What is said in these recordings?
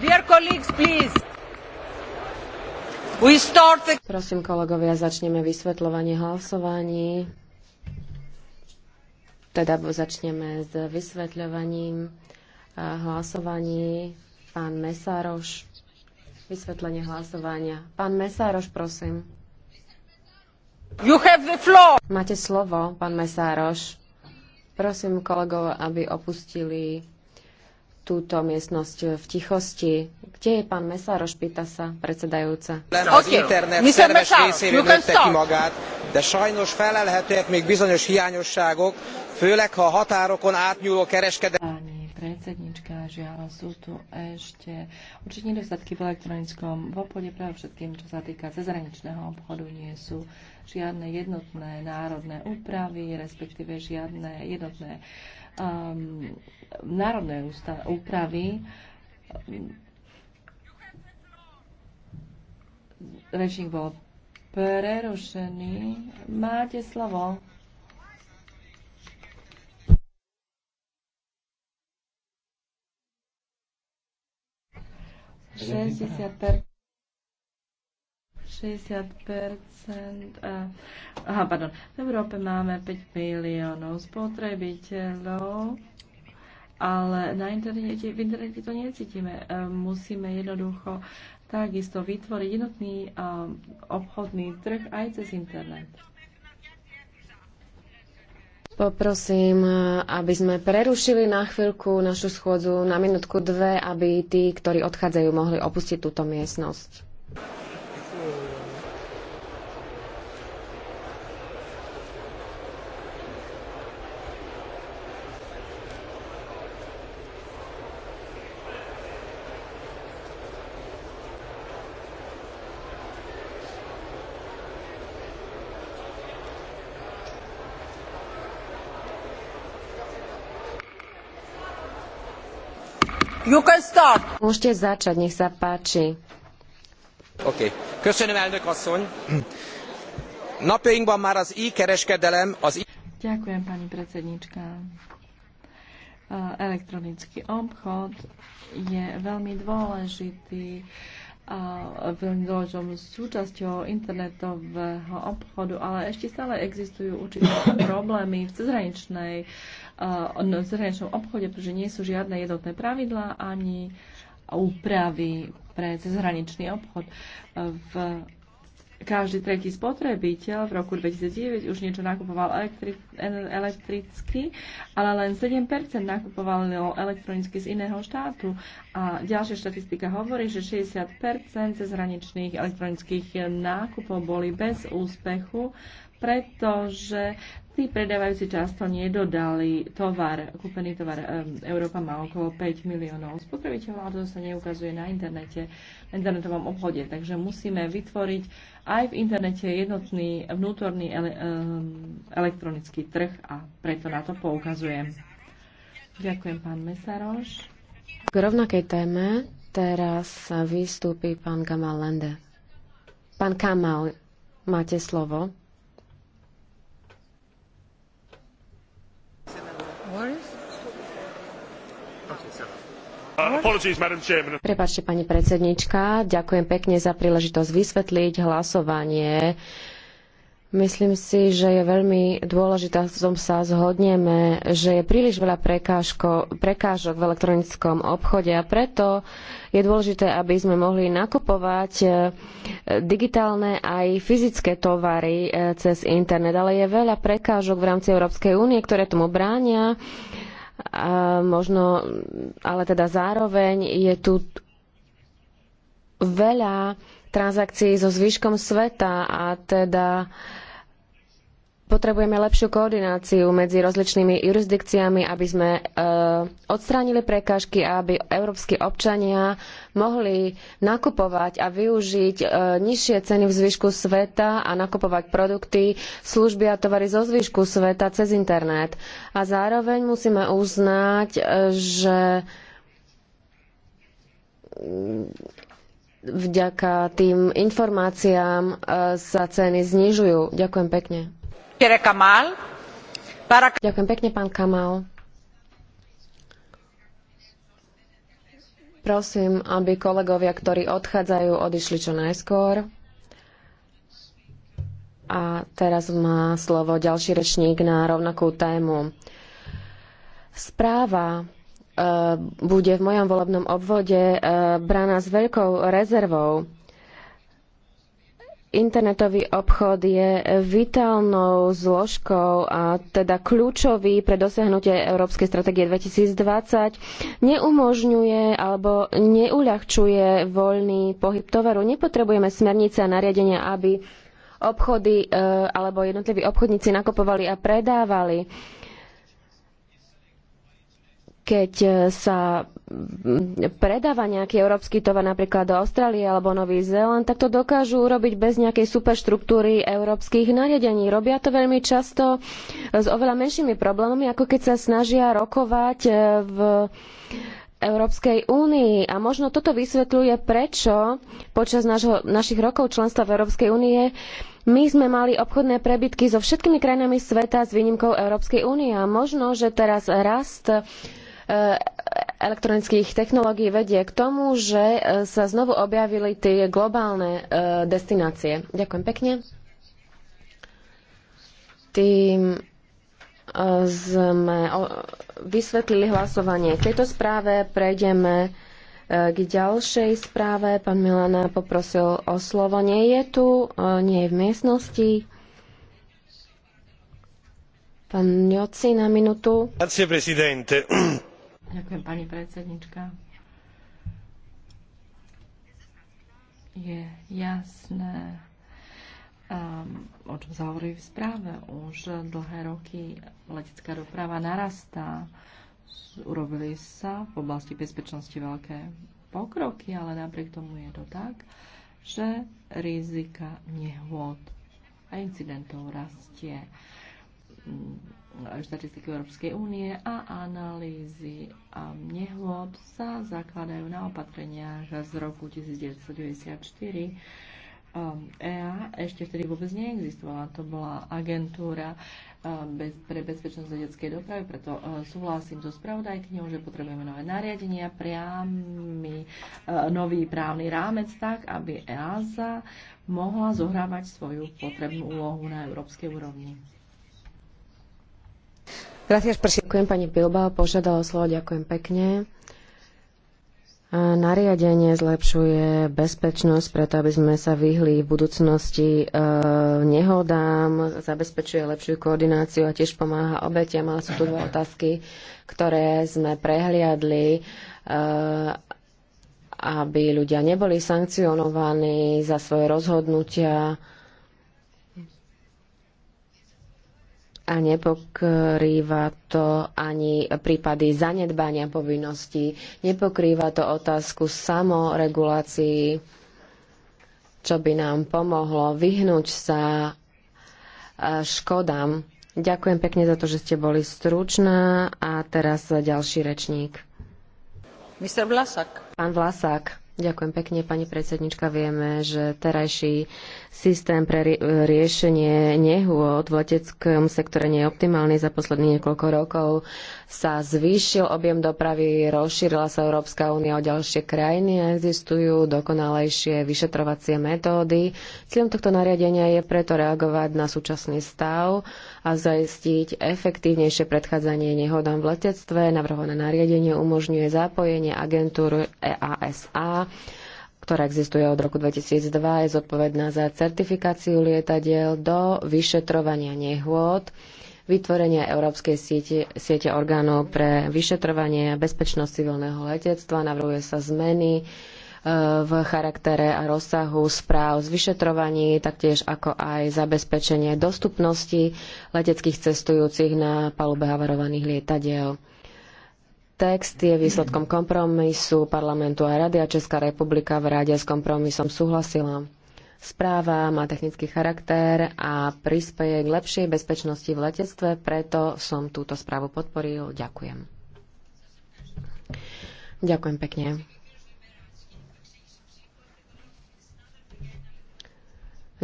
Dear colleagues, please. We start the... Prosím, kolegovia, začneme vysvetľovanie hlasovaní. Teda začneme s vysvetľovaním eh, hlasovaní. Pán Mesároš, vysvetlenie hlasovania. Pán Mesároš, prosím. You have the floor. Máte slovo, pán Mesároš. Prosím kolegov, aby opustili túto miestnosť v tichosti. Kde je pán Mesároš, pýta sa predsedajúca. Okay. de sajnos felelhetőek még bizonyos hiányosságok, főleg ha a határokon átnyúló predsednička, žiaľ sú tu ešte určite nedostatky v elektronickom obchode, pre všetkým, čo sa týka cezhraničného obchodu, nie sú žiadne jednotné národné úpravy, respektíve žiadne jednotné uh, um, národné úpravy režim bol prerušený. Máte slovo. Šestdesiat per... 60 aha, pardon, v Európe máme 5 miliónov spotrebiteľov, ale na internete, v internete to necítime. Musíme jednoducho takisto vytvoriť jednotný obchodný trh aj cez internet. Poprosím, aby sme prerušili na chvíľku našu schôdzu na minútku dve, aby tí, ktorí odchádzajú, mohli opustiť túto miestnosť. You can start. Môžete začať, nech sa páči. OK. Köszönöm, elnök asszony. Napjainkban már az e-kereskedelem, az e Ďakujem, pani predsednička. Elektronický obchod je veľmi dôležitý dôležitou súčasťou internetového obchodu, ale ešte stále existujú určité problémy v cezhraničnej, eh, no, v zahraničnom obchode, pretože nie sú žiadne jednotné pravidlá ani úpravy pre cezhraničný obchod. Eh, v každý tretí spotrebiteľ v roku 2009 už niečo nakupoval elektri- elektricky, ale len 7% nakupovalo elektronicky z iného štátu. A ďalšia štatistika hovorí, že 60% cezhraničných elektronických nákupov boli bez úspechu, pretože tí predávajúci často nedodali tovar, kúpený tovar. Európa má okolo 5 miliónov spotrebiteľov, ale to sa neukazuje na internete, na internetovom obchode. Takže musíme vytvoriť aj v internete jednotný vnútorný ele, elektronický trh a preto na to poukazujem. Ďakujem, pán Mesaroš. K rovnakej téme teraz vystúpi pán Gamal Lende. Pán Kamal, máte slovo. Prepačte, pani predsednička, ďakujem pekne za príležitosť vysvetliť hlasovanie. Myslím si, že je veľmi dôležité, v tom sa zhodneme, že je príliš veľa prekážok v elektronickom obchode a preto je dôležité, aby sme mohli nakupovať e, digitálne aj fyzické tovary e, cez internet. Ale je veľa prekážok v rámci Európskej únie, ktoré tomu bránia a možno, ale teda zároveň je tu veľa transakcií so zvyškom sveta a teda Potrebujeme lepšiu koordináciu medzi rozličnými jurisdikciami, aby sme e, odstránili prekážky a aby európski občania mohli nakupovať a využiť e, nižšie ceny v zvyšku sveta a nakupovať produkty, služby a tovary zo zvyšku sveta cez internet. A zároveň musíme uznať, e, že vďaka tým informáciám e, sa ceny znižujú. Ďakujem pekne. Ďakujem pekne, pán Prosím, aby kolegovia, ktorí odchádzajú, odišli čo najskôr. A teraz má slovo ďalší rečník na rovnakú tému. Správa e, bude v mojom volebnom obvode e, braná s veľkou rezervou internetový obchod je vitálnou zložkou a teda kľúčový pre dosiahnutie Európskej stratégie 2020, neumožňuje alebo neuľahčuje voľný pohyb tovaru. Nepotrebujeme smernice a nariadenia, aby obchody e, alebo jednotliví obchodníci nakopovali a predávali keď e, sa predáva nejaký európsky tovar napríklad do Austrálie alebo Nový Zéland, tak to dokážu urobiť bez nejakej superštruktúry európskych nariadení. Robia to veľmi často s oveľa menšími problémami, ako keď sa snažia rokovať e, v Európskej únii. A možno toto vysvetľuje, prečo počas našho, našich rokov členstva v Európskej únie my sme mali obchodné prebytky so všetkými krajinami sveta s výnimkou Európskej únie. A možno, že teraz rast Eh, elektronických technológií vedie k tomu, že eh, sa znovu objavili tie globálne eh, destinácie. Ďakujem pekne. Tým sme vysvetlili hlasovanie k tejto správe. Prejdeme k ďalšej správe. Pán Milana poprosil o slovo. Nie je tu, nie je v miestnosti. Pán Joci na minútu. Grazie, presidente. Ďakujem, pani predsednička. Je jasné, um, o čom sa hovorí v správe. Už dlhé roky letecká doprava narastá. Urobili sa v oblasti bezpečnosti veľké pokroky, ale napriek tomu je to tak, že rizika nehôd a incidentov rastie Eh, štatistiky Európskej únie a analýzy a nehôd sa zakladajú na opatreniach z roku 1994. EA eh, e ešte vtedy vôbec neexistovala. To bola agentúra eh, bez, pre bezpečnosť vedeckej dopravy, preto súhlasím so spravodajkyňou, že potrebujeme nové nariadenia, priamy nový právny rámec tak, aby EASA mohla zohrávať svoju potrebnú úlohu na európskej úrovni. Ďakujem pani Bilbao, požiadala slovo, ďakujem pekne. Nariadenie zlepšuje bezpečnosť, preto aby sme sa vyhli v budúcnosti e, nehodám, zabezpečuje lepšiu koordináciu a tiež pomáha obetiam, ale sú tu dve otázky, ktoré sme prehliadli, e, aby ľudia neboli sankcionovaní za svoje rozhodnutia. E, a nepokrýva to ani prípady zanedbania povinností, nepokrýva to otázku samoregulácií, čo by nám pomohlo vyhnúť sa e, škodám. Ďakujem pekne za to, že ste boli stručná a teraz ďalší rečník. Mr. Vlasak. Pán Vlasák Ďakujem pekne, pani predsednička. Vieme, že terajší systém pre riešenie nehôd v leteckom sektore nie je optimálny. Za posledných niekoľko rokov sa zvýšil objem dopravy, rozšírila sa Európska únia o ďalšie krajiny a existujú dokonalejšie vyšetrovacie metódy. Cieľom tohto nariadenia je preto reagovať na súčasný stav a zaistiť efektívnejšie predchádzanie nehodám v letectve. Navrhované nariadenie umožňuje zapojenie agentúr EASA ktorá existuje od roku 2002, je zodpovedná za certifikáciu lietadiel do vyšetrovania nehôd, vytvorenie Európskej siete, siete orgánov pre vyšetrovanie a bezpečnosť civilného letectva. Navrhuje sa zmeny e, v charaktere a rozsahu správ z vyšetrovaní, taktiež ako aj zabezpečenie dostupnosti leteckých cestujúcich na palube havarovaných lietadiel. Text je výsledkom kompromisu parlamentu a rady a Česká republika v rade s kompromisom súhlasila. Správa má technický charakter a prispieje k lepšej bezpečnosti v letectve, preto som túto správu podporil. Ďakujem. Ďakujem pekne.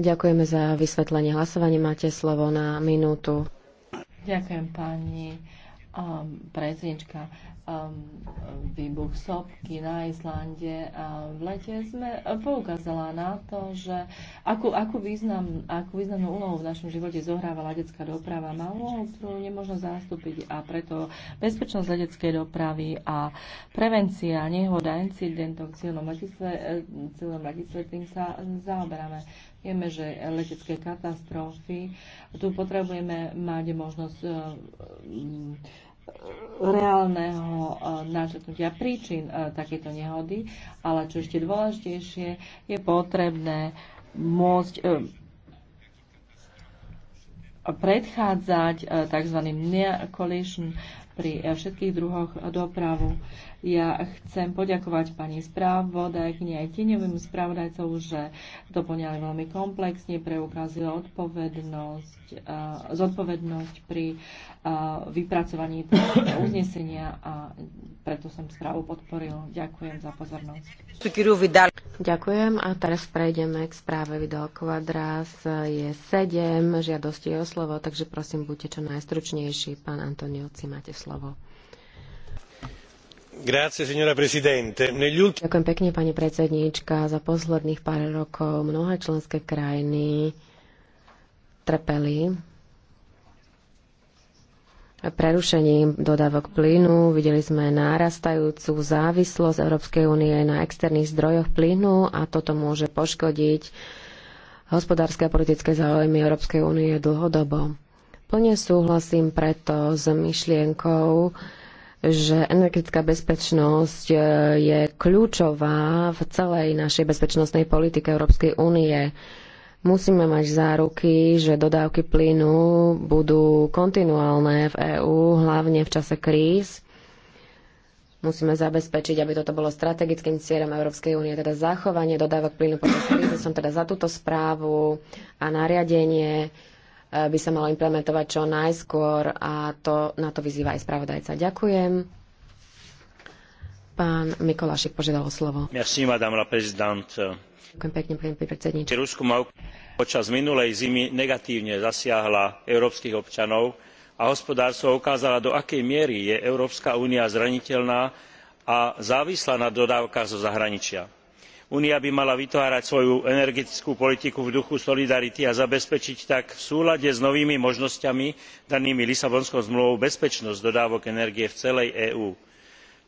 Ďakujeme za vysvetlenie hlasovania. Máte slovo na minútu. Ďakujem pani um, ehm, prezidentka um, ehm, výbuch sopky na Islande. A ehm, v lete sme poukázala na to, že akú, akú, význam, akú významnú úlohu v našom živote zohráva letecká doprava. Má úlohu, ktorú nemôžno zastúpiť a preto bezpečnosť leteckej dopravy a prevencia nehoda incidentov v cieľnom letectve, eh, cieľnom letectve tým sa zaoberáme. Vieme, že letecké katastrofy, tu potrebujeme mať možnosť eh, reálneho e, načetnutia príčin e, takéto nehody, ale čo ešte dôležitejšie, je potrebné môcť e, predchádzať tzv. collision pri všetkých druhoch dopravu. Ja chcem poďakovať pani správodajkyni aj tieňovým správodajcov, že doplňali veľmi komplexne, preukázali odpovednosť, zodpovednosť pri vypracovaní uznesenia a preto som správu podporil. Ďakujem za pozornosť. Ďakujem a teraz prejdeme k správe videokvadrás. Je 7 žiadosti o slovo, takže prosím, buďte čo najstručnejší. Pán Antonioci, máte slovo. Ďakujem pekne, pani predsedníčka. Za posledných pár rokov mnohé členské krajiny trpeli prerušením dodávok plynu. Videli sme nárastajúcu závislosť Európskej únie na externých zdrojoch plynu a toto môže poškodiť hospodárske a politické záujmy Európskej únie dlhodobo. Plne súhlasím preto s myšlienkou, že energetická bezpečnosť e, je kľúčová v celej našej bezpečnostnej politike Európskej únie. Musíme mať záruky, že dodávky plynu budú kontinuálne v EÚ, hlavne v čase kríz. Musíme zabezpečiť, aby toto bolo strategickým cieľom Európskej únie, teda zachovanie dodávok plynu počas krízy. Som teda za túto správu a nariadenie Eh, by sa malo implementovať čo najskôr a to, na to vyzýva aj spravodajca. Ďakujem. Pán Mikolášik požiadal o slovo. Merci, madame la présidente. Ďakujem pekne, pani predsednička. Rusko mal počas minulej zimy negatívne zasiahla európskych občanov a hospodárstvo ukázala, do akej miery je Európska únia zraniteľná a závislá na dodávkach zo zahraničia únia by mala vytvárať svoju energetickú politiku v duchu solidarity a zabezpečiť tak v súlade s novými možnosťami danými lisabonskou zmluvou bezpečnosť dodávok energie v celej eú.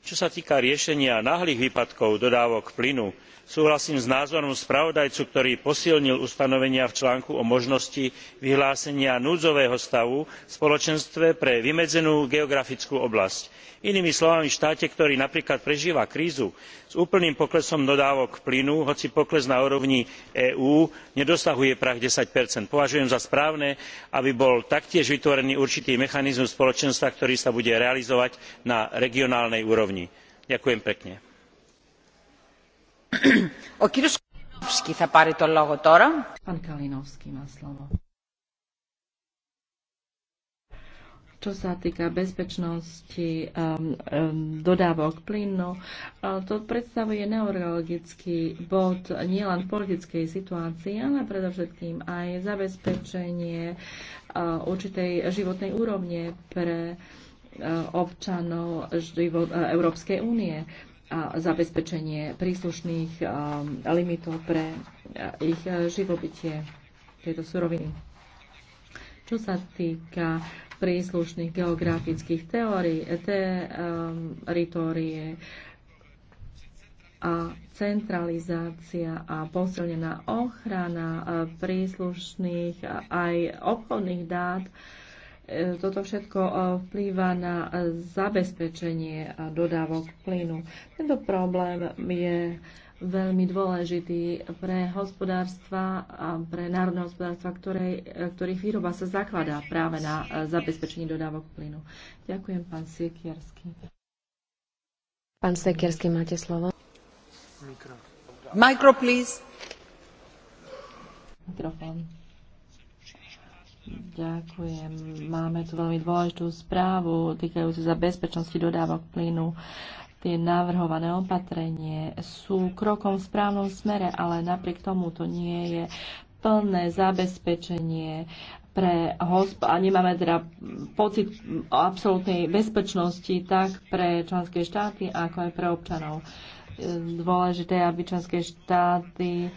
čo sa týka riešenia náhlych výpadkov dodávok plynu súhlasím s názorom spravodajcu ktorý posilnil ustanovenia v článku o možnosti vyhlásenia núdzového stavu v spoločenstve pre vymedzenú geografickú oblasť. inými slovami v štáte ktorý napríklad prežíva krízu s úplným poklesom dodávok plynu hoci pokles na úrovni eú nedosahuje prah ten považujem za správne aby bol taktiež vytvorený určitý mechanizmus spoločenstva ktorý sa bude realizovať na regionálnej úrovni. ďakujem pekne. Kalinovský má slovo. čo sa týka bezpečnosti um, um, dodávok plynu, uh, to predstavuje neurologický bod nielen v politickej situácii, ale predovšetkým aj zabezpečenie uh, určitej životnej úrovne pre uh, občanov Európskej únie a zabezpečenie príslušných um, limitov pre uh, ich uh, živobytie tejto suroviny. Čo sa týka príslušných geografických teórií, teritorie, um, a centralizácia a posilnená ochrana uh, príslušných aj obchodných dát toto všetko e, vplýva na zabezpečenie e, dodávok plynu. Tento problém je veľmi dôležitý pre hospodárstva a pre národné hospodárstva, e, ktorých výroba sa zakladá práve na zabezpečení dodávok plynu. Ďakujem, pán Siekierský. Pán Siekierský, máte slovo. Mikro. Mikro, please. Mikrofón. Ďakujem. Máme tu veľmi dôležitú správu týkajúcu sa bezpečnosti dodávok plynu. Tie navrhované opatrenie sú krokom v správnom smere, ale napriek tomu to nie je plné zabezpečenie pre hosp- a nemáme teda pocit absolútnej bezpečnosti tak pre členské štáty, ako aj pre občanov dôležité, aby členské štáty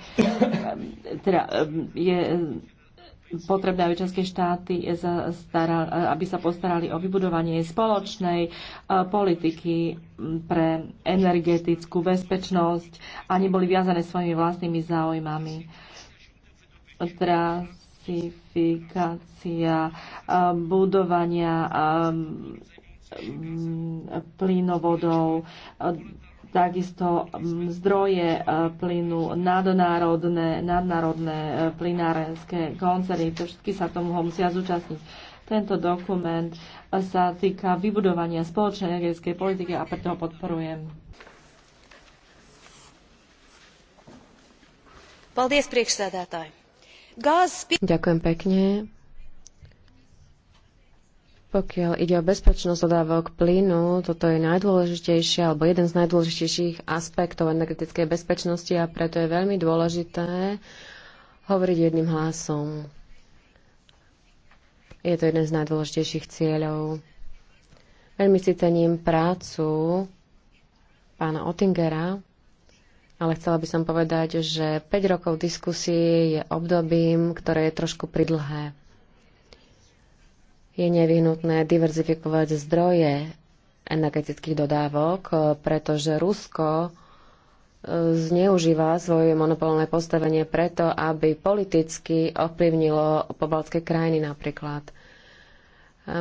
teda je potrebné, aby členské štáty, aby sa postarali o vybudovanie spoločnej e, politiky pre energetickú bezpečnosť a neboli viazané svojimi vlastnými záujmami. Trasifikácia e, budovania e, plynovodov, takisto mm, zdroje e, plynu, nadnárodné, nadnárodné e, plynárenské koncerny, to všetky sa tomu musia zúčastniť. Tento dokument e, sa týka vybudovania spoločnej energetickej politiky a preto ho podporujem. Ďakujem pekne. Pokiaľ ide o bezpečnosť dodávok plynu, toto je najdôležitejšie alebo jeden z najdôležitejších aspektov energetickej bezpečnosti a preto je veľmi dôležité hovoriť jedným hlasom. Je to jeden z najdôležitejších cieľov. Veľmi si cením prácu pána Ottingera, ale chcela by som povedať, že 5 rokov diskusie je obdobím, ktoré je trošku pridlhé je nevyhnutné diverzifikovať zdroje energetických dodávok, pretože Rusko e, zneužíva svoje monopolné postavenie preto, aby politicky ovplyvnilo pobaltské krajiny napríklad. E,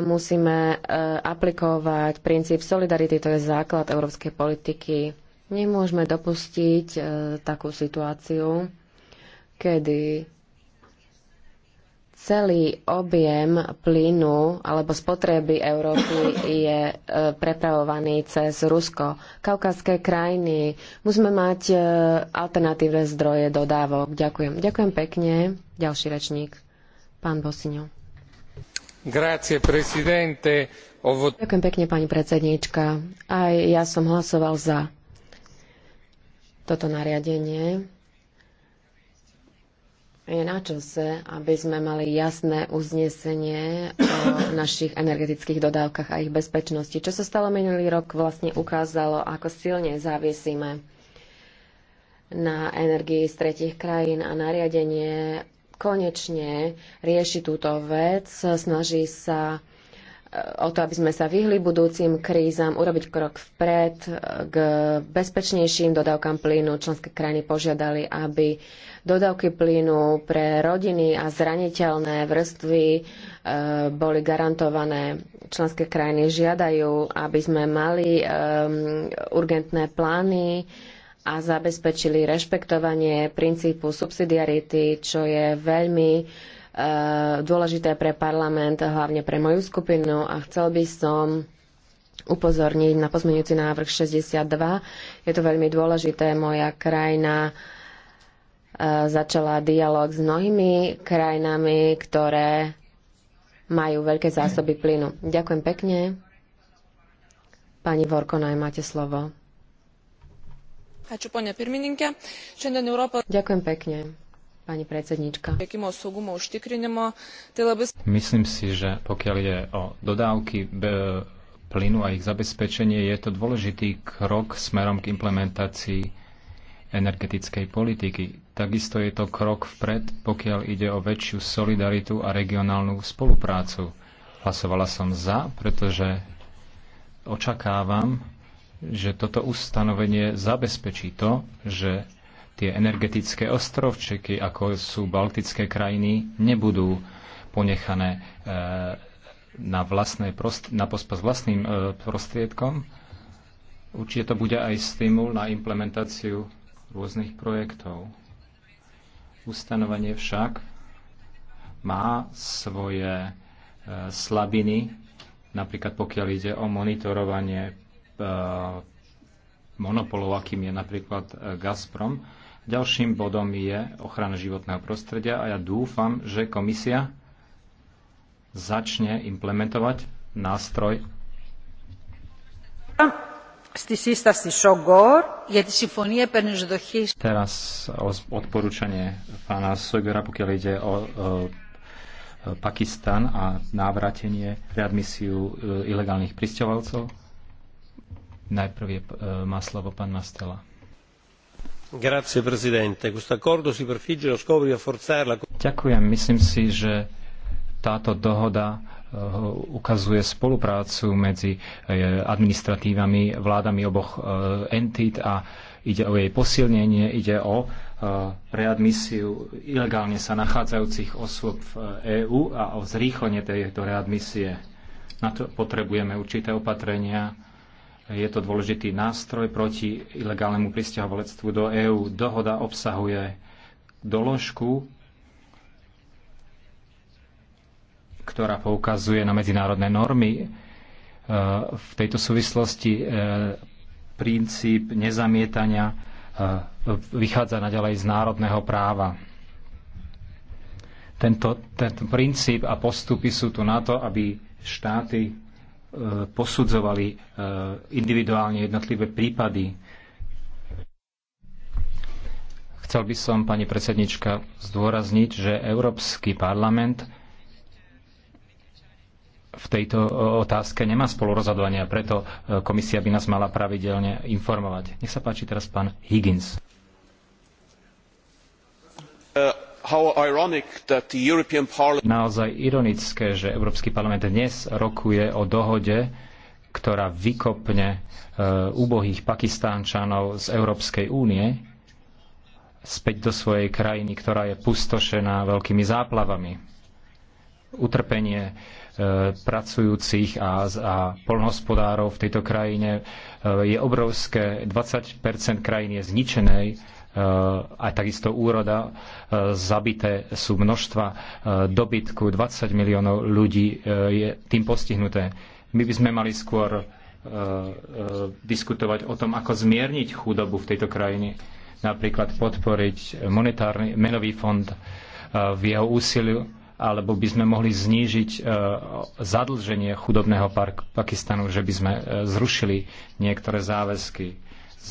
musíme e, aplikovať princíp solidarity, to je základ európskej politiky. Nemôžeme dopustiť takú situáciu, kedy celý objem plynu alebo spotreby Európy je e, prepravovaný cez Rusko. Kaukazské krajiny. Musíme mať e, alternatívne zdroje dodávok. Ďakujem. Ďakujem pekne. Ďalší rečník. Pán Bosino. Grazie, presidente. Ovo... Ďakujem pekne, pani predsedníčka. Aj ja som hlasoval za toto nariadenie je na čase, aby sme mali jasné uznesenie o našich energetických dodávkach a ich bezpečnosti. Čo sa stalo minulý rok, vlastne ukázalo, ako silne závisíme na energii z tretich krajín a nariadenie konečne rieši túto vec, snaží sa eh, o to, aby sme sa vyhli budúcim krízam, urobiť krok vpred eh, k bezpečnejším dodávkam plynu. Členské krajiny požiadali, aby Dodávky plynu pre rodiny a zraniteľné vrstvy e, boli garantované. Členské krajiny žiadajú, aby sme mali e, urgentné plány a zabezpečili rešpektovanie princípu subsidiarity, čo je veľmi e, dôležité pre parlament, hlavne pre moju skupinu a chcel by som upozorniť na pozmeňujúci návrh 62. Je to veľmi dôležité. Moja krajina začala dialog s mnohými krajinami, ktoré majú veľké zásoby plynu. Ďakujem pekne. Pani Vorkonaj, máte slovo. Ďakujem pekne, pani predsednička. Myslím si, že pokiaľ je o dodávky plynu a ich zabezpečenie, je to dôležitý krok smerom k implementácii energetickej politiky Takisto je to krok vpred, pokiaľ ide o väčšiu solidaritu a regionálnu spoluprácu. Hlasovala som za, pretože očakávam, že toto ustanovenie zabezpečí to, že tie energetické ostrovčeky, ako sú baltické krajiny, nebudú ponechané e, na, vlastné prost- na pospas vlastným e, prostriedkom. Určite to bude aj stimul na implementáciu rôznych projektov. Ustanovenie však má svoje e, slabiny, napríklad pokiaľ ide o monitorovanie e, monopolov, akým je napríklad e, Gazprom. Ďalším bodom je ochrana životného prostredia a ja dúfam, že komisia začne implementovať nástroj. Teraz odporúčanie pána Sogora, pokiaľ ide o, o Pakistan a návratenie, readmisiu e, ilegálnych pristahovalcov. Najprv je, e, má slovo pán Mastela. Grazie, si Ďakujem. Myslím si, že táto dohoda Eh, ukazuje spoluprácu medzi eh, administratívami, vládami oboch eh, entít a ide o jej posilnenie, ide o readmisiu ilegálne sa nachádzajúcich osôb v EÚ e a o zrýchlenie tejto readmisie. Na to potrebujeme určité opatrenia. Je to dôležitý nástroj proti ilegálnemu pristahovalectvu do EÚ. Dohoda obsahuje doložku ktorá poukazuje na medzinárodné normy. E, v tejto súvislosti e, princíp nezamietania e, vychádza naďalej z národného práva. Tento, tento princíp a postupy sú tu na to, aby štáty posudzovali individuálne jednotlivé prípady. Chcel by som, pani predsednička, zdôrazniť, že Európsky parlament v tejto e, otázke nemá spolurozhodovania, preto e, komisia by nás mala pravidelne informovať. Nech sa páči teraz pán Higgins. Uh, Naozaj ironické, že Európsky parlament dnes rokuje o dohode, ktorá vykopne e, úbohých pakistánčanov z Európskej únie späť do svojej krajiny, ktorá je pustošená veľkými záplavami utrpenie e, pracujúcich a, a polnohospodárov v tejto krajine e, je obrovské. 20 krajín je zničenej e, a takisto úroda. Zabité sú množstva dobytku, 20 miliónov ľudí je tým postihnuté. My by sme mali skôr diskutovať o tom, ako zmierniť chudobu v tejto krajine. Napríklad podporiť monetárny menový fond v jeho úsiliu alebo by sme mohli znížiť e, zadlženie chudobného Pakistanu, že by sme e, zrušili niektoré záväzky.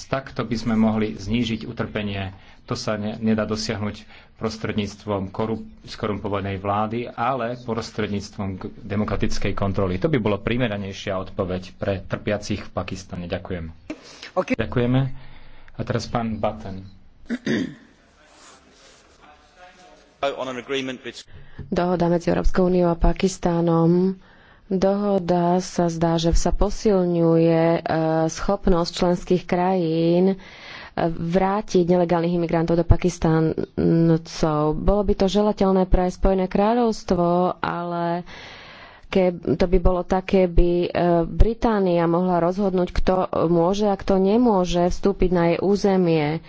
Takto by sme mohli znížiť utrpenie. To sa ne, nedá dosiahnuť prostredníctvom korup- skorumpovanej vlády, ale prostredníctvom demokratickej kontroly. To by bolo primeranejšia odpoveď pre trpiacich v Pakistane. Ďakujem. Okay. Ďakujeme. A teraz pán Batten. Dohoda medzi Európskou úniou a Pakistánom Dohoda sa zdá, že sa posilňuje e, schopnosť členských krajín e, vrátiť nelegálnych imigrantov do Pakistáncov. Bolo by to želateľné pre Spojené kráľovstvo, ale ke, to by bolo také, by e, Británia mohla rozhodnúť, kto môže a kto nemôže vstúpiť na jej územie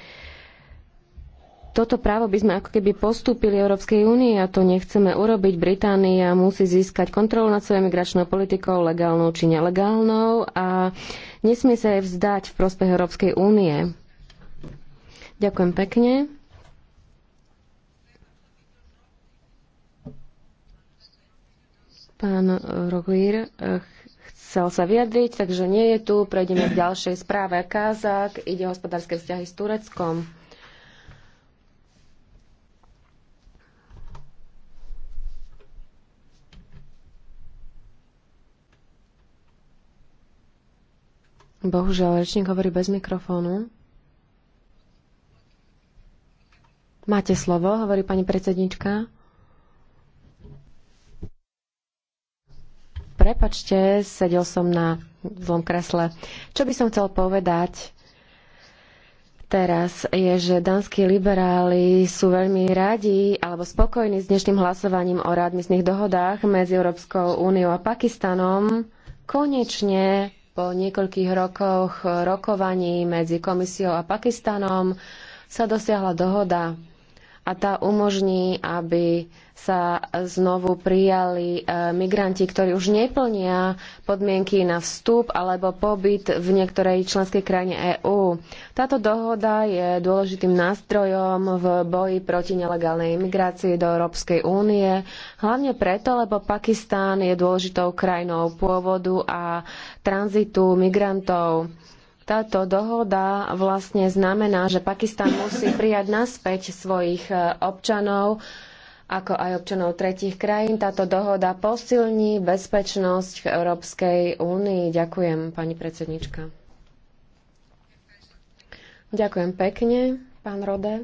toto právo by sme ako keby postúpili Európskej únii a to nechceme urobiť. Británia musí získať kontrolu nad svojou migračnou politikou, legálnou či nelegálnou a nesmie sa jej vzdať v prospech Európskej únie. Ďakujem pekne. Pán Roglír eh, chcel sa vyjadriť, takže nie je tu. Prejdeme k ďalšej správe. Kázak ide o hospodárske vzťahy s Tureckom. Bohužiaľ, rečník hovorí bez mikrofónu. Máte slovo, hovorí pani predsednička. Prepačte, sedel som na zlom kresle. Čo by som chcel povedať teraz je, že danskí liberáli sú veľmi radi alebo spokojní s dnešným hlasovaním o rádmisných dohodách medzi Európskou úniou a Pakistanom. Konečne po niekoľkých rokoch rokovaní medzi komisiou a Pakistanom sa dosiahla dohoda a tá umožní, aby sa znovu prijali e, migranti, ktorí už neplnia podmienky na vstup alebo pobyt v niektorej členskej krajine EÚ. Táto dohoda je dôležitým nástrojom v boji proti nelegálnej imigrácii do Európskej únie, hlavne preto, lebo Pakistán je dôležitou krajinou pôvodu a tranzitu migrantov. Táto dohoda vlastne znamená, že Pakistan musí prijať naspäť svojich e, občanov, ako aj občanov tretích krajín. Táto dohoda posilní bezpečnosť v Európskej únii. Ďakujem, pani predsednička. Ďakujem pekne, pán Rode.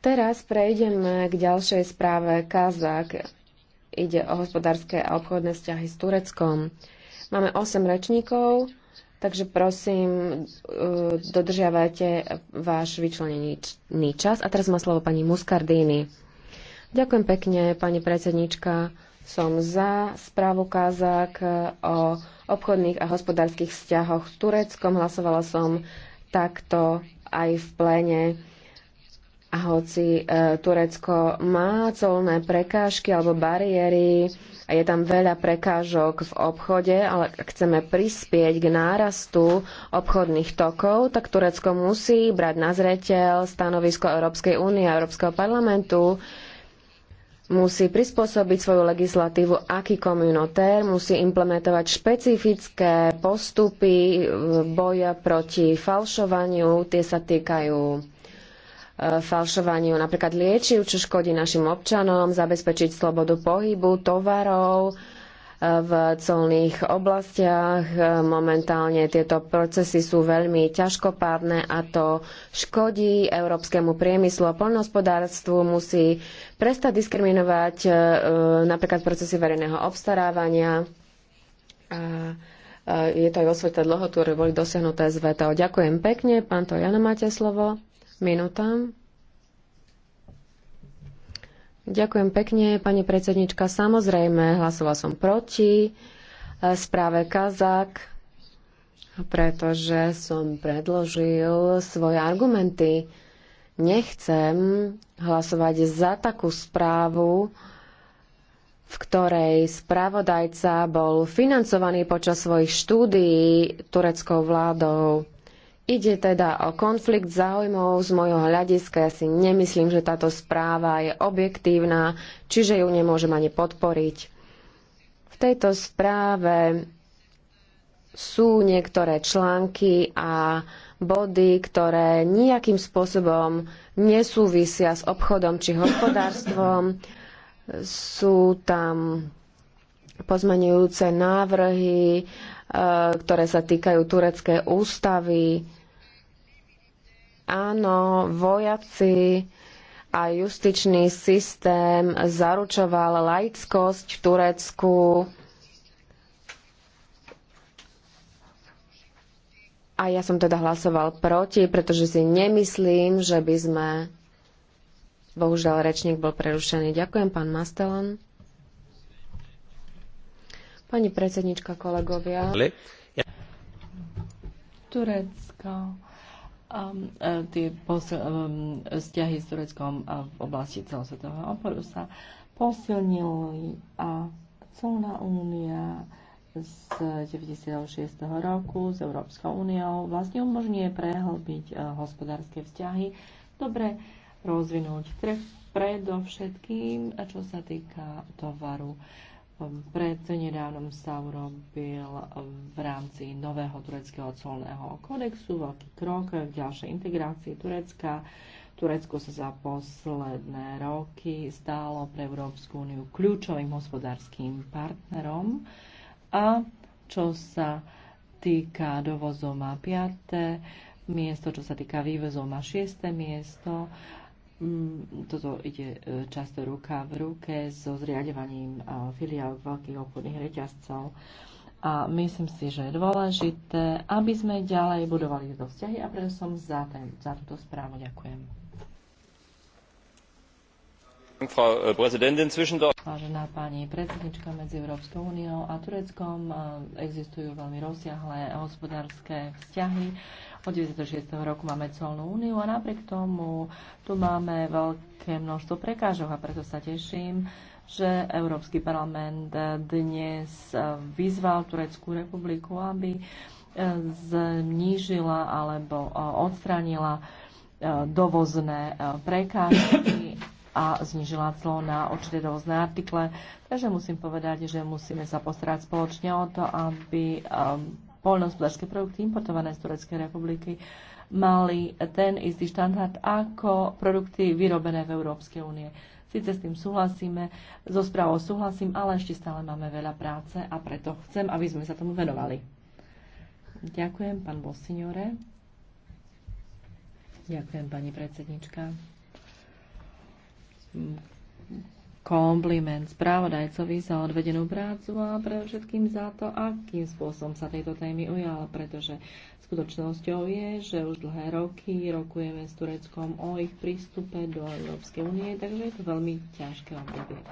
Teraz prejdeme k ďalšej správe Kazak. Ide o hospodárske a obchodné vzťahy s Tureckom. Máme 8 rečníkov, takže prosím, e, dodržiavajte váš vyčlenený čas. A teraz má slovo pani Muscardini. Ďakujem pekne, pani predsednička. Som za správu Kazak o obchodných a hospodárskych vzťahoch s Tureckom. Hlasovala som takto aj v pléne. A hoci e, Turecko má colné prekážky alebo bariéry, je tam veľa prekážok v obchode, ale ak chceme prispieť k nárastu obchodných tokov, tak Turecko musí brať na zreteľ stanovisko Európskej únie a Európskeho parlamentu, musí prispôsobiť svoju legislatívu aký komunotér, musí implementovať špecifické postupy e, boja proti falšovaniu, tie sa týkajú E, falšovaniu napríklad liečiv, čo škodí našim občanom, zabezpečiť slobodu pohybu tovarov e, v colných oblastiach. E, momentálne tieto procesy sú veľmi ťažkopádne a to škodí európskemu priemyslu a poľnohospodárstvu. Musí prestať diskriminovať napríklad procesy verejného obstarávania. A je to aj vo svete boli dosiahnuté z VTO. Ďakujem pekne. Pán Jana, máte slovo. Minúta. Ďakujem pekne, pani predsednička. Samozrejme, hlasovala som proti e, správe Kazak, pretože som predložil svoje argumenty. Nechcem hlasovať za takú správu, v ktorej spravodajca bol financovaný počas svojich štúdií tureckou vládou. Ide teda o konflikt záujmov z môjho hľadiska. Ja si nemyslím, že táto správa je objektívna, čiže ju nemôžem ani podporiť. V tejto správe sú niektoré články a body, ktoré nejakým spôsobom nesúvisia s obchodom či hospodárstvom. Sú tam pozmenujúce návrhy, Eh, ktoré sa týkajú tureckej ústavy. Áno, vojaci a justičný systém zaručoval laickosť v Turecku. A ja som teda hlasoval proti, pretože si nemyslím, že by sme... Bohužiaľ, rečník bol prerušený. Ďakujem, pán Mastelon. Pani predsednička, kolegovia. Turecko. Um, e, tie um, vzťahy s Tureckom e, v oblasti celosvetového oporu sa posilnili a celná únia z 96. roku s Európskou úniou vlastne umožňuje prehlbiť uh, hospodárske vzťahy, dobre rozvinúť trh predovšetkým, čo sa týka tovaru. Uh, Prednedávnom sa urobil v rámci nového tureckého colného kodexu veľký krok k ďalšej integrácii Turecka. Turecko sa za posledné roky stalo pre Európsku úniu kľúčovým hospodárským partnerom a čo sa týka dovozov má 5. miesto, čo sa týka vývozov má 6. miesto Mm, toto ide e, často ruka v ruke so zriadovaním e, filiál veľkých obchodných reťazcov. A myslím si, že je dôležité, aby sme ďalej budovali tieto vzťahy a preto som za, ten, za túto správu. Ďakujem. E, Vážená pani predsednička medzi Európskou úniou a Tureckom existujú veľmi rozsiahle hospodárske vzťahy od 96. roku máme colnú úniu a napriek tomu tu máme veľké množstvo prekážok a preto sa teším, že Európsky parlament dnes vyzval Tureckú republiku, aby e, znížila alebo e, odstranila e, dovozné prekážky a znižila clo na určité dovozné artikle. Takže musím povedať, že musíme sa postarať spoločne o to, aby poľnohospodárske produkty importované z Tureckej republiky mali ten istý štandard ako produkty vyrobené v Európskej únie. Sice s tým súhlasíme, so správou súhlasím, ale ešte stále máme veľa práce a preto chcem, aby sme sa tomu venovali. Ďakujem, pán Bosiniore. Ďakujem, pani predsednička kompliment správodajcovi za odvedenú prácu a pre všetkým za to, akým spôsobom sa tejto témy ujal, pretože skutočnosťou je, že už dlhé roky rokujeme s Tureckom o ich prístupe do Európskej únie, takže je to veľmi ťažké obdobie.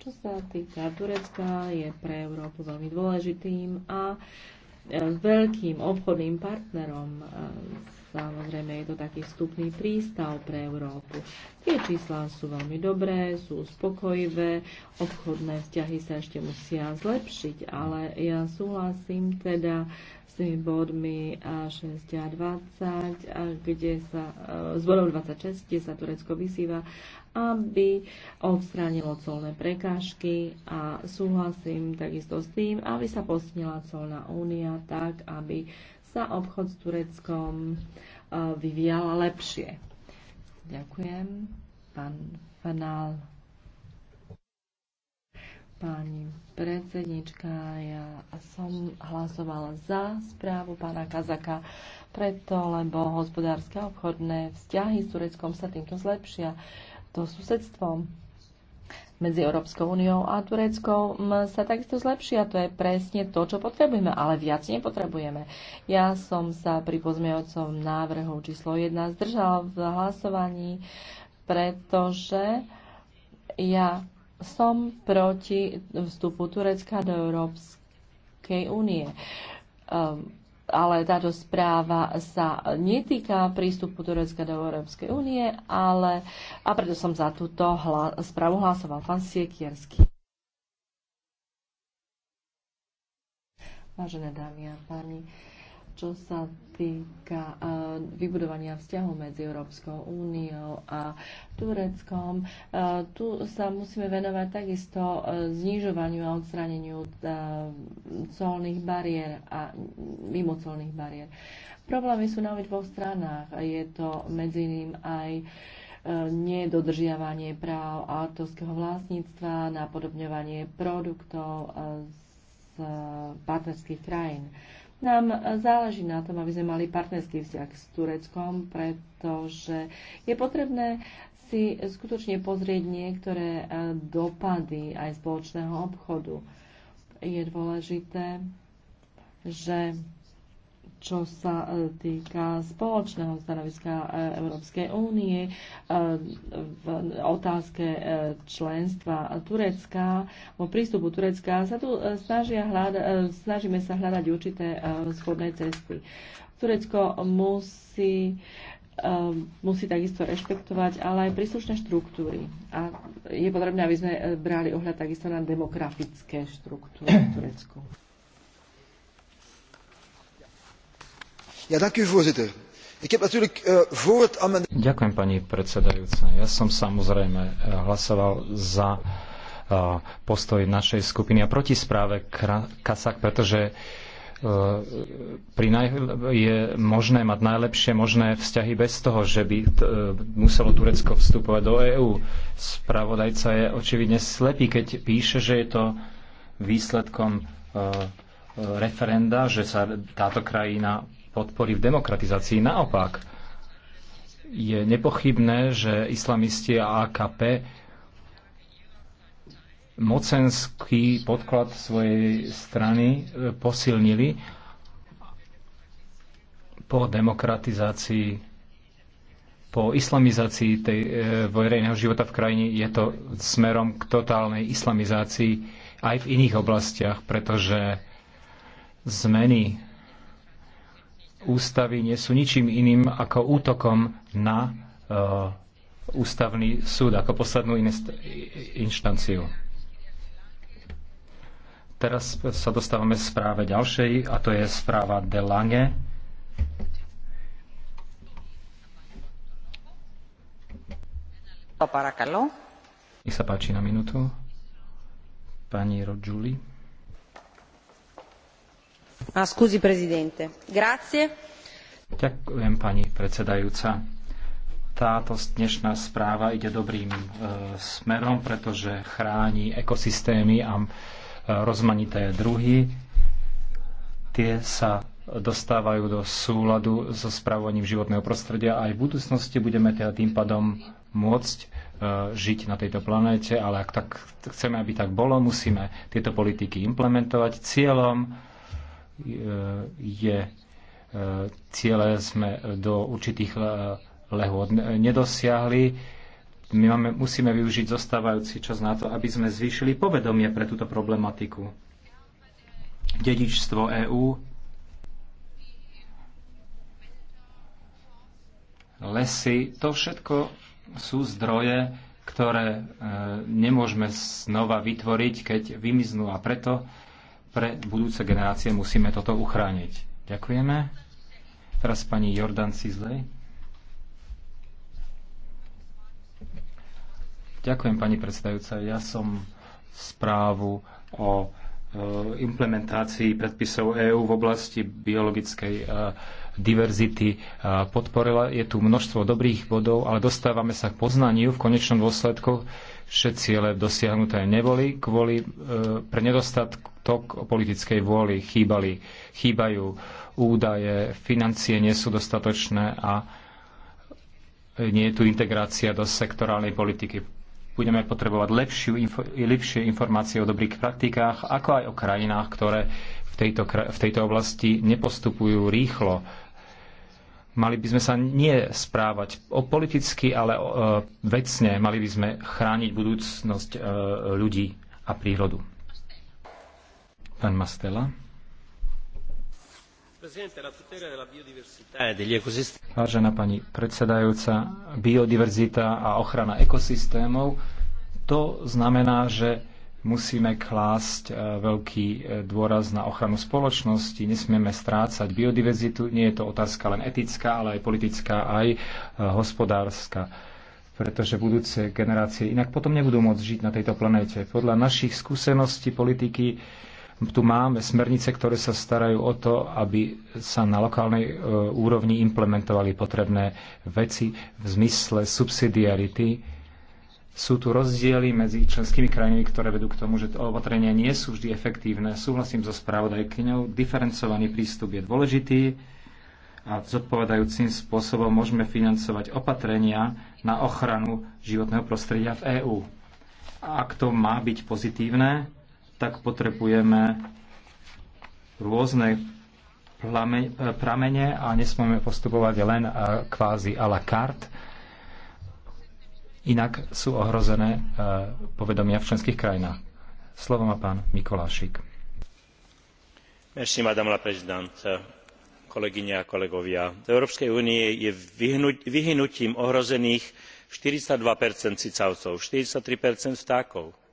Čo sa týka Turecka, je pre Európu veľmi dôležitým a e, veľkým obchodným partnerom v e, Samozrejme je to taký vstupný prístav pre Európu. Tie čísla sú veľmi dobré, sú spokojivé, obchodné vzťahy sa ešte musia zlepšiť, ale ja súhlasím teda s tými bodmi 6 a 20, kde sa, z e, bodom 26, kde sa Turecko vysýva, aby odstránilo colné prekážky a súhlasím takisto s tým, aby sa posnila colná únia tak, aby sa obchod s Tureckom e, vyvíjal lepšie. Ďakujem. Pán Fanál. Pani predsednička, ja som hlasovala za správu pána Kazaka, preto, lebo hospodárske obchodné vzťahy s Tureckom sa týmto zlepšia. To susedstvo medzi Európskou úniou a Tureckou sa takisto zlepšia. To je presne to, čo potrebujeme, ale viac nepotrebujeme. Ja som sa pri pozmejovcom návrhu číslo 1 zdržal v hlasovaní, pretože ja som proti vstupu Turecka do Európskej únie. Um, ale táto správa sa netýka prístupu Turecka do Európskej únie, ale a preto som za túto hla, správu hlasoval pán Siekiersky. Vážené dámy a páni, čo sa týka e, vybudovania vzťahov medzi Európskou úniou a Tureckom. E, tu sa musíme venovať takisto e, znižovaniu a odstraneniu colných bariér a colných bariér. Problémy sú na dvoch stranách. Je to medzi iným aj nedodržiavanie práv autorského vlastníctva, napodobňovanie produktov z partnerských krajín. Nám záleží na tom, aby sme mali partnerský vzťah s Tureckom, pretože je potrebné si skutočne pozrieť niektoré e, dopady aj spoločného obchodu. Je dôležité, že čo sa e, týka spoločného stanoviska e, Európskej únie e, v otázke členstva Turecka, o prístupu Turecka, sa tu snažia hľada, snažíme sa hľadať určité schodné cesty. Turecko musí musí takisto rešpektovať, ale aj príslušné štruktúry. A je potrebné, aby sme brali ohľad takisto na demografické štruktúry v Turecku. Eh, Ďakujem, pani predsedajúca. Ja som samozrejme eh, hlasoval za eh, postoj našej skupiny a proti správe Kasak, pretože pri naj... je možné mať najlepšie možné vzťahy bez toho, že by muselo Turecko vstupovať do EÚ. Spravodajca je očividne slepý, keď píše, že je to výsledkom referenda, že sa táto krajina podpory v demokratizácii. Naopak, je nepochybné, že islamisti a AKP mocenský podklad svojej strany e, posilnili po demokratizácii, po islamizácii tej e, verejného života v krajine je to smerom k totálnej islamizácii aj v iných oblastiach, pretože zmeny ústavy nie sú ničím iným ako útokom na uh, ústavný súd ako poslednú inst- inštanciu. Teraz sa dostávame správe ďalšej a to je správa de Lange. Nech sa páči na minútu. Pani Rodžuli. Ah, Ďakujem, pani predsedajúca. Táto dnešná správa ide dobrým e, smerom, pretože chráni ekosystémy a e, rozmanité druhy. Tie sa dostávajú do súladu so správaním životného prostredia a aj v budúcnosti budeme teda tým pádom môcť eh, žiť na tejto planéte, ale ak tak chceme, aby tak bolo, musíme tieto politiky implementovať cieľom je e, ciele sme do určitých e, lehôd nedosiahli. My máme, musíme využiť zostávajúci čas na to, aby sme zvýšili povedomie pre túto problematiku. Dedičstvo EÚ, lesy, to všetko sú zdroje, ktoré e, nemôžeme znova vytvoriť, keď vymiznú. A preto pre budúce generácie musíme toto uchrániť. Ďakujeme. Teraz pani Jordan Cizlej. Ďakujem, pani predsedajúca. Ja som správu o Eh, implementácii predpisov EÚ v oblasti biologickej eh, diverzity eh, podporila. Je tu množstvo dobrých bodov, ale dostávame sa k poznaniu v konečnom dôsledku, že ciele dosiahnuté neboli kvôli pre nedostatok politickej vôly chýbali, chýbajú údaje, financie nie sú dostatočné a nie je tu integrácia do sektorálnej politiky budeme potrebovať lepšiu, info, lepšie informácie o dobrých praktikách, ako aj o krajinách, ktoré v tejto, v tejto oblasti nepostupujú rýchlo. Mali by sme sa nie správať o politicky, ale o, o, e, vecne. Mali by sme chrániť budúcnosť e, ľudí a prírodu. Pán Mastela. E Vážená pani predsedajúca, biodiverzita a ochrana ekosystémov, to znamená, že musíme klásť e, veľký e, dôraz na ochranu spoločnosti, nesmieme strácať biodiverzitu. Nie je to otázka len etická, ale aj politická, aj hospodárska pretože budúce generácie inak potom nebudú môcť žiť na tejto planéte. Podľa našich skúseností politiky tu máme smernice, ktoré sa starajú o to, aby sa na lokálnej e, úrovni implementovali potrebné veci v zmysle subsidiarity. Sú tu rozdiely medzi členskými krajinami, ktoré vedú k tomu, že to opatrenia nie sú vždy efektívne. Súhlasím so spravodajkyňou, diferencovaný prístup je dôležitý a zodpovedajúcim spôsobom môžeme financovať opatrenia na ochranu životného prostredia v EÚ. A ak to má byť pozitívne, tak potrebujeme rôzne pramene a nesmieme postupovať len kvázi a la carte. Inak sú ohrozené e, povedomia v členských krajinách. Slovo má pán Mikolášik. Merci, madame la présidente, kolegyne a kolegovia. V Európskej únie je vyhnutím ohrozených 42 cicavcov, 43 vtákov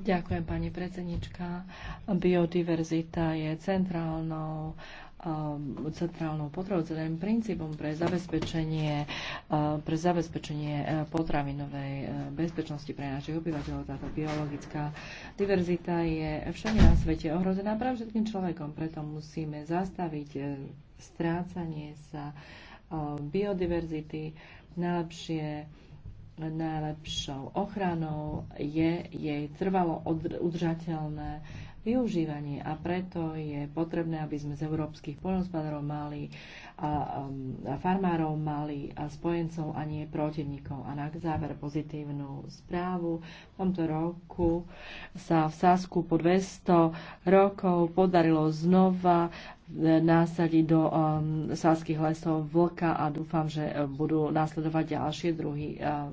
Ďakujem, pani predsednička. Biodiverzita je centrálnou um, centrálnou potravou, princípom pre zabezpečenie, uh, pre zabezpečenie uh, potravinovej uh, bezpečnosti pre našich obyvateľov. Táto biologická diverzita je všade na svete ohrozená práve všetkým človekom, preto musíme zastaviť strácanie sa biodiverzity, najlepšie najlepšou ochranou je jej trvalo udržateľné využívanie a preto je potrebné, aby sme z európskych poľnospodárov mali a, um, a farmárov mali a spojencov a nie protivníkov. A na záver pozitívnu správu. V tomto roku sa v Sasku po 200 rokov podarilo znova e, násadiť do um, saských lesov vlka a dúfam, že e, budú následovať ďalšie druhy um,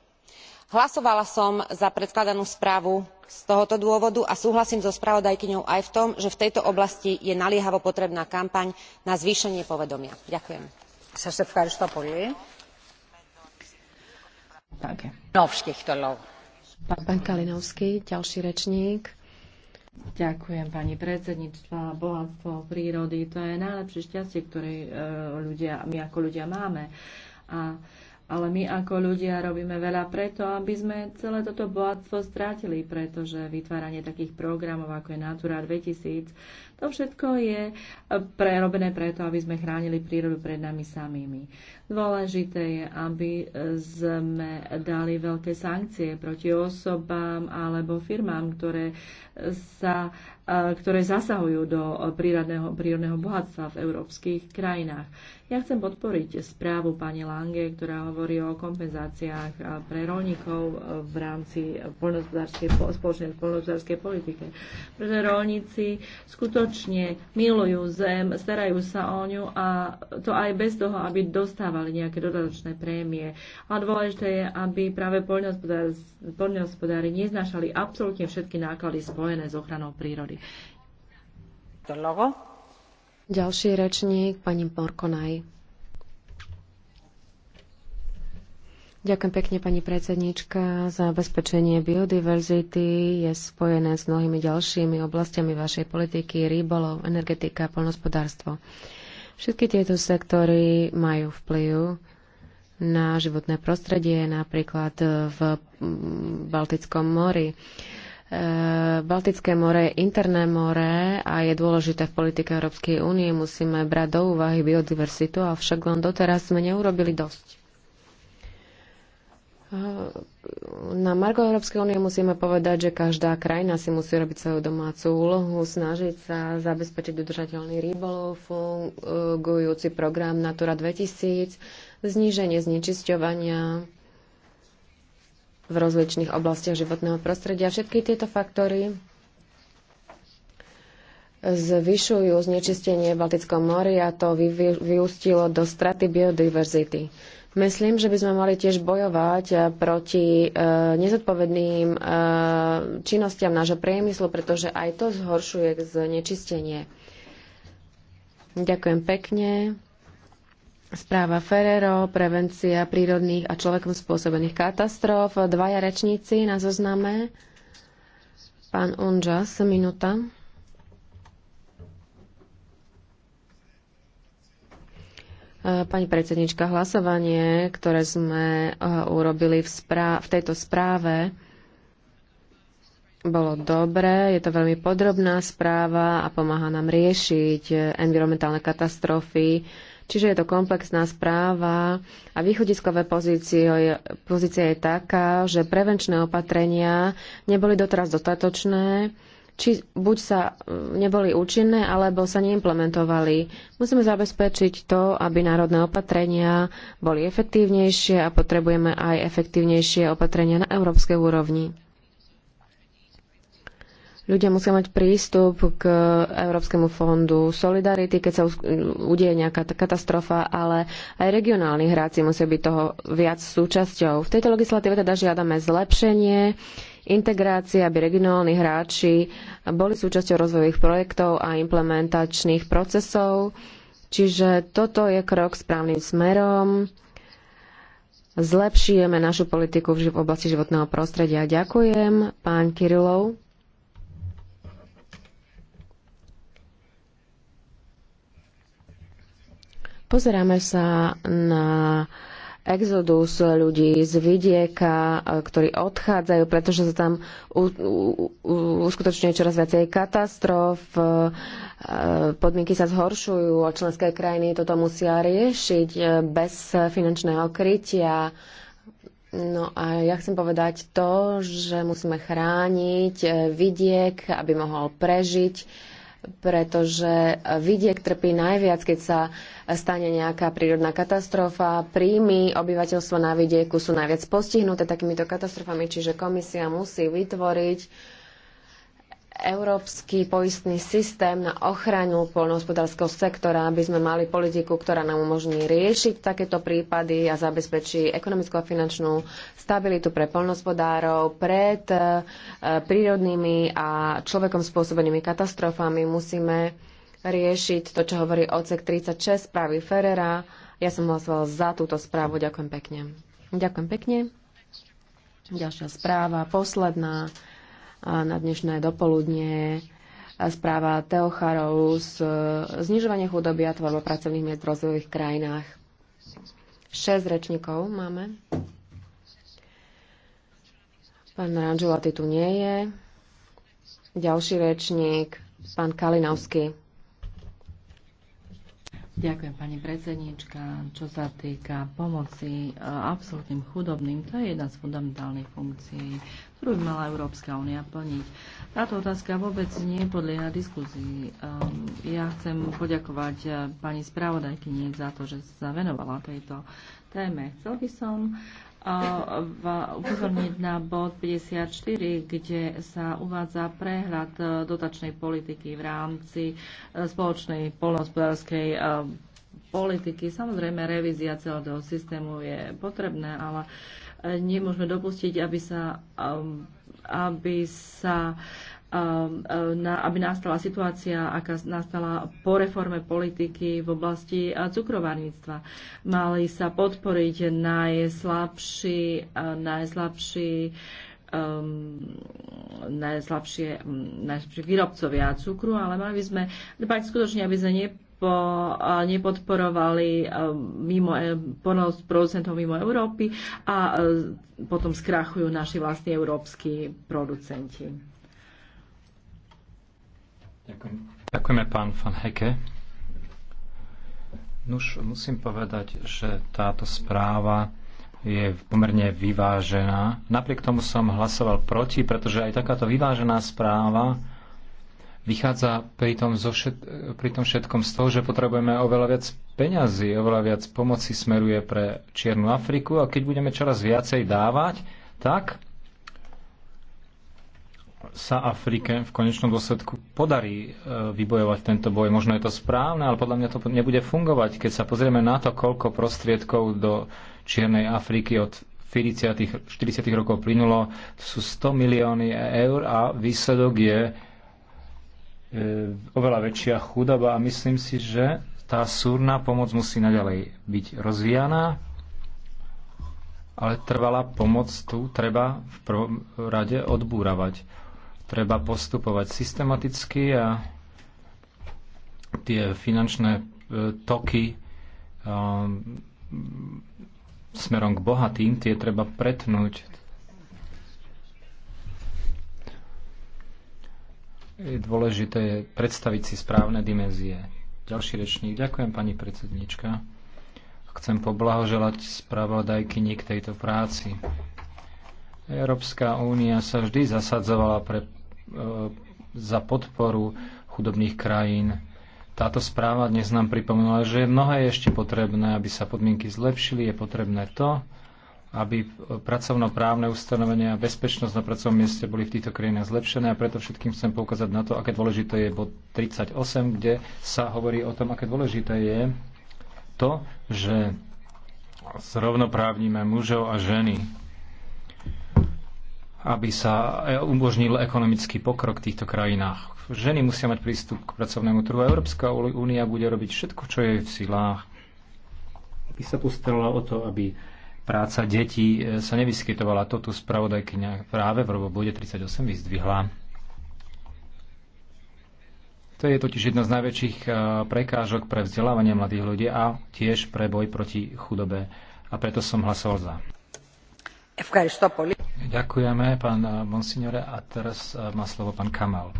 hlasovala som za predkladanú správu z tohto dôvodu a súhlasím so spravodajkyňou aj v tom že v tejto oblasti je naliehavo potrebná kampaň na zvýšenie povedomia. ďakujem. Ďakujem pani predsedníčka. Bohatstvo prírody to je najlepšie šťastie, ktoré e, ľudia, my ako ľudia máme. A ale my ako ľudia robíme veľa preto, aby sme celé toto bohatstvo strátili, pretože vytváranie takých programov, ako je Natura 2000, to všetko je prerobené preto, aby sme chránili prírodu pred nami samými. Dôležité je, aby sme dali veľké sankcie proti osobám alebo firmám, ktoré, sa, e, ktoré zasahujú do prírodného, prírodného bohatstva v európskych krajinách. Ja chcem podporiť správu pani Lange, ktorá hovorí o kompenzáciách pre rolníkov v rámci spoločnej poľnohospodárskej politike. Pretože rolníci skutočne milujú zem, starajú sa o ňu a to aj bez toho, aby dostávali dostávali nejaké dodatočné prémie. A dôležité je, aby práve poľnohospodári neznášali absolútne všetky náklady spojené s ochranou prírody. Ďalší rečník, pani Morkonaj. Ďakujem pekne, pani predsednička. Zabezpečenie biodiverzity je spojené s mnohými ďalšími oblastiami vašej politiky, rybolov, energetika, polnospodárstvo. Všetky tieto sektory majú vplyv na životné prostredie, napríklad v mm, Baltickom mori. E, Baltické more je interné more a je dôležité v politike Európskej únie. Musíme brať do úvahy biodiverzitu, avšak len doteraz sme neurobili dosť. Na Margo Európskej únie musíme povedať, že každá krajina si musí robiť svoju domácu úlohu, snažiť sa zabezpečiť udržateľný rybolov, fungujúci program Natura 2000, zníženie znečisťovania v rozličných oblastiach životného prostredia. Všetky tieto faktory zvyšujú znečistenie v Baltickom mori a to vyústilo do straty biodiverzity. Myslím, že by sme mali tiež bojovať eh, proti eh, nezodpovedným eh, činnostiam nášho priemyslu, pretože aj to zhoršuje znečistenie. Ďakujem pekne. Správa Ferrero, prevencia prírodných a človekom spôsobených katastrof. Dvaja rečníci na zozname. Pán Unžas, minúta. Eh, pani predsednička, hlasovanie, ktoré sme eh, urobili v, správ- v tejto správe, bolo dobré. Je to veľmi podrobná správa a pomáha nám riešiť eh, environmentálne katastrofy. Čiže je to komplexná správa a východiskové pozície, pozícia je taká, že prevenčné opatrenia neboli doteraz dostatočné či buď sa e, neboli účinné, alebo sa neimplementovali. Musíme zabezpečiť to, aby národné opatrenia boli efektívnejšie a potrebujeme aj efektívnejšie opatrenia na európskej úrovni. Ľudia musia mať prístup k Európskemu fondu Solidarity, keď sa udeje nejaká katastrofa, ale aj regionálni hráci musia byť toho viac súčasťou. V tejto legislatíve teda žiadame zlepšenie integrácie, aby regionálni hráči boli súčasťou rozvojových projektov a implementačných procesov. Čiže toto je krok správnym smerom. Zlepšujeme našu politiku v oblasti životného prostredia. Ďakujem, pán Kirilov. Pozeráme sa na exodus ľudí z vidieka, e, ktorí odchádzajú, pretože sa tam uskutočňuje čoraz viacej katastrof, e, e, podmienky sa zhoršujú a členské krajiny toto musia riešiť bez finančného krytia. No a ja chcem povedať to, že musíme chrániť vidiek, aby mohol prežiť pretože vidiek trpí najviac, keď sa stane nejaká prírodná katastrofa. Príjmy obyvateľstva na vidieku sú najviac postihnuté takýmito katastrofami, čiže komisia musí vytvoriť európsky poistný systém na ochranu poľnohospodárskeho sektora, aby sme mali politiku, ktorá nám umožní riešiť takéto prípady a zabezpečí ekonomickú a finančnú stabilitu pre poľnohospodárov pred eh, prírodnými a človekom spôsobenými katastrofami. Musíme riešiť to, čo hovorí odsek 36 správy Ferrera. Ja som hlasovala za túto správu. Ďakujem pekne. Ďakujem pekne. Ďalšia správa, posledná na dnešné dopoludnie správa z e, znižovanie chudoby a tvorba pracovných miest v rozvojových krajinách. Šesť rečníkov máme. Pán Ranžula, ty tu nie je. Ďalší rečník, pán Kalinovský. Ďakujem, pani predsednička. Čo sa týka pomoci e, absolútnym chudobným, to je jedna z fundamentálnych funkcií, ktorú by mala Európska únia plniť. Táto otázka vôbec nie podlieha diskuzii. Ehm, ja chcem poďakovať e, pani spravodajkyni za to, že sa venovala tejto téme. Chcel by som upozorniť na bod 54, kde sa uvádza prehľad e, dotačnej politiky v rámci e, spoločnej polnohospodárskej e, politiky. Samozrejme, revízia celého systému je potrebná, ale nemôžeme dopustiť, aby sa, aby sa Um, um, na, aby nastala situácia, aká nastala po reforme politiky v oblasti uh, cukrovarníctva. Mali sa podporiť najslabší, uh, najslabší um, najslabšie, um, najslabšie výrobcovia cukru, ale mali by sme dbať skutočne, aby sme nepo, uh, nepodporovali um, mimo, e, producentov mimo Európy a um, potom skrachujú naši vlastní európsky producenti. Ďakujem. Ďakujeme pán Van Heke. Nuž, musím povedať, že táto správa je pomerne vyvážená. Napriek tomu som hlasoval proti, pretože aj takáto vyvážená správa vychádza pri tom, zo všet, pri tom všetkom z toho, že potrebujeme oveľa viac peňazí, oveľa viac pomoci smeruje pre Čiernu Afriku a keď budeme čoraz viacej dávať, tak sa Afrike v konečnom dôsledku podarí e, vybojovať tento boj. Možno je to správne, ale podľa mňa to nebude fungovať. Keď sa pozrieme na to, koľko prostriedkov do Čiernej Afriky od 40. 40 rokov plynulo, to sú 100 milióny eur a výsledok je e, oveľa väčšia chudoba a myslím si, že tá súrna pomoc musí naďalej byť rozvíjaná, ale trvalá pomoc tu treba v prvom rade odbúravať Treba postupovať systematicky a tie finančné e, toky e, smerom k bohatým, tie treba pretnúť. Je dôležité predstaviť si správne dimenzie. Ďalší rečník. Ďakujem, pani predsednička. Chcem poblahoželať spravodajky k tejto práci. Európska únia sa vždy zasadzovala pre E, za podporu chudobných krajín. Táto správa dnes nám pripomenula, že mnohé je ešte potrebné, aby sa podmienky zlepšili. Je potrebné to, aby pracovnoprávne ustanovenia a bezpečnosť na pracovnom mieste boli v týchto krajinách zlepšené a preto všetkým chcem poukázať na to, aké dôležité je bod 38, kde sa hovorí o tom, aké dôležité je to, že zrovnoprávnime mužov a ženy aby sa e, umožnil ekonomický pokrok v týchto krajinách. Ženy musia mať prístup k pracovnému trhu. Európska únia bude robiť všetko, čo je v silách, aby sa postarala o to, aby práca detí e, sa nevyskytovala. Toto tu spravodajkyňa práve v bode 38 vyzdvihla. To je totiž jedna z najväčších e, prekážok pre vzdelávanie mladých ľudí a tiež pre boj proti chudobe. A preto som hlasoval za. Ďakujem. Ďakujeme, pán eh, Monsignore. A teraz eh, má slovo pán Kamal.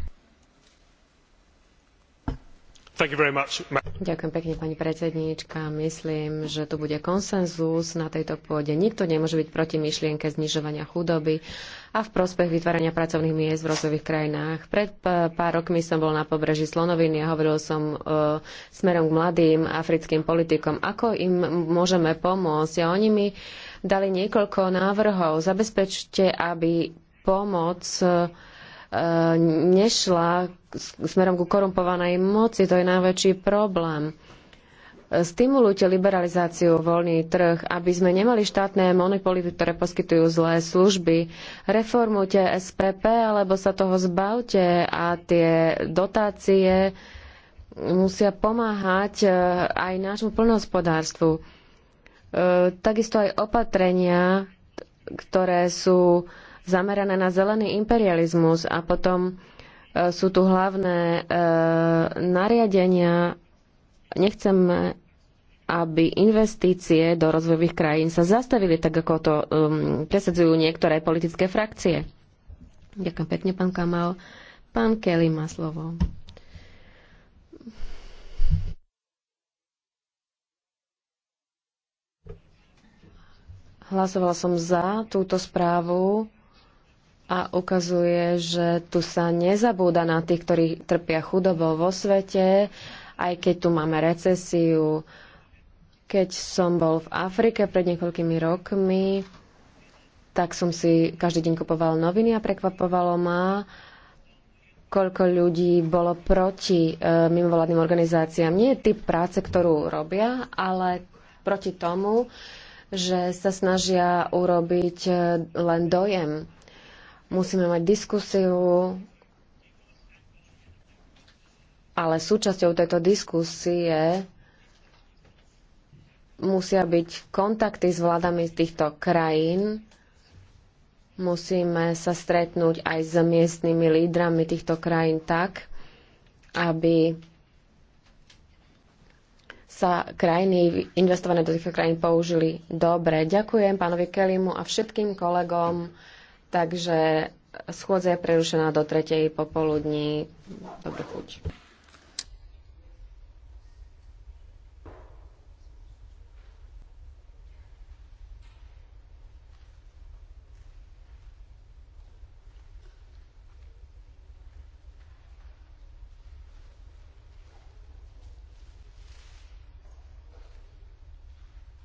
Ďakujem pekne, pani predsednička. Myslím, že tu bude konsenzus na tejto pôde. Nikto nemôže byť proti myšlienke znižovania chudoby a v prospech vytvárania pracovných miest v rozvojových krajinách. Pred eh, pár rokmi som bol na pobreží Slonoviny a hovoril som smerom k mladým africkým politikom, ako im môžeme pomôcť. A oni mi dali niekoľko návrhov. Zabezpečte, aby pomoc e, nešla smerom ku korumpovanej moci. To je najväčší problém. Stimulujte liberalizáciu voľný trh, aby sme nemali štátne monopoly, ktoré poskytujú zlé služby. Reformujte SPP, alebo sa toho zbavte a tie dotácie musia pomáhať e, aj nášmu plnohospodárstvu takisto aj opatrenia, ktoré sú zamerané na zelený imperializmus a potom e, sú tu hlavné e, nariadenia. Nechceme, aby investície do rozvojových krajín sa zastavili, tak ako to um, presadzujú niektoré politické frakcie. Ďakujem pekne, pán Kamal. Pán Kelly má slovo. Hlasovala som za túto správu a ukazuje, že tu sa nezabúda na tých, ktorí trpia chudobou vo svete, aj keď tu máme recesiu. Keď som bol v Afrike pred niekoľkými rokmi, tak som si každý deň kupoval noviny a prekvapovalo ma, koľko ľudí bolo proti e, mimovládnym organizáciám. Nie typ práce, ktorú robia, ale proti tomu, že sa snažia urobiť e, len dojem. Musíme mať diskusiu, ale súčasťou tejto diskusie musia byť kontakty s vládami týchto krajín. Musíme sa stretnúť aj s miestnymi lídrami týchto krajín tak, aby sa krajiny, investované do týchto krajín použili dobre. Ďakujem pánovi Kelimu a všetkým kolegom. Takže schôdza je prerušená do tretej popoludní. Dobrú chuť.